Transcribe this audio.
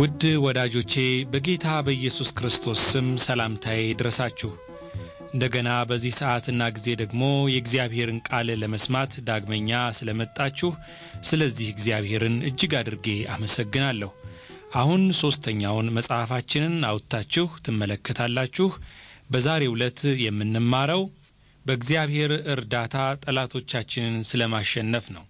ውድ ወዳጆቼ በጌታ በኢየሱስ ክርስቶስ ስም ሰላምታዬ ድረሳችሁ። እንደገና በዚህ ሰዓትና ጊዜ ደግሞ የእግዚአብሔርን ቃል ለመስማት ዳግመኛ ስለመጣችሁ ስለዚህ እግዚአብሔርን እጅግ አድርጌ አመሰግናለሁ። አሁን ሦስተኛውን መጽሐፋችንን አውጥታችሁ ትመለከታላችሁ። በዛሬው ዕለት የምንማረው በእግዚአብሔር እርዳታ ጠላቶቻችንን ስለ ማሸነፍ ነው።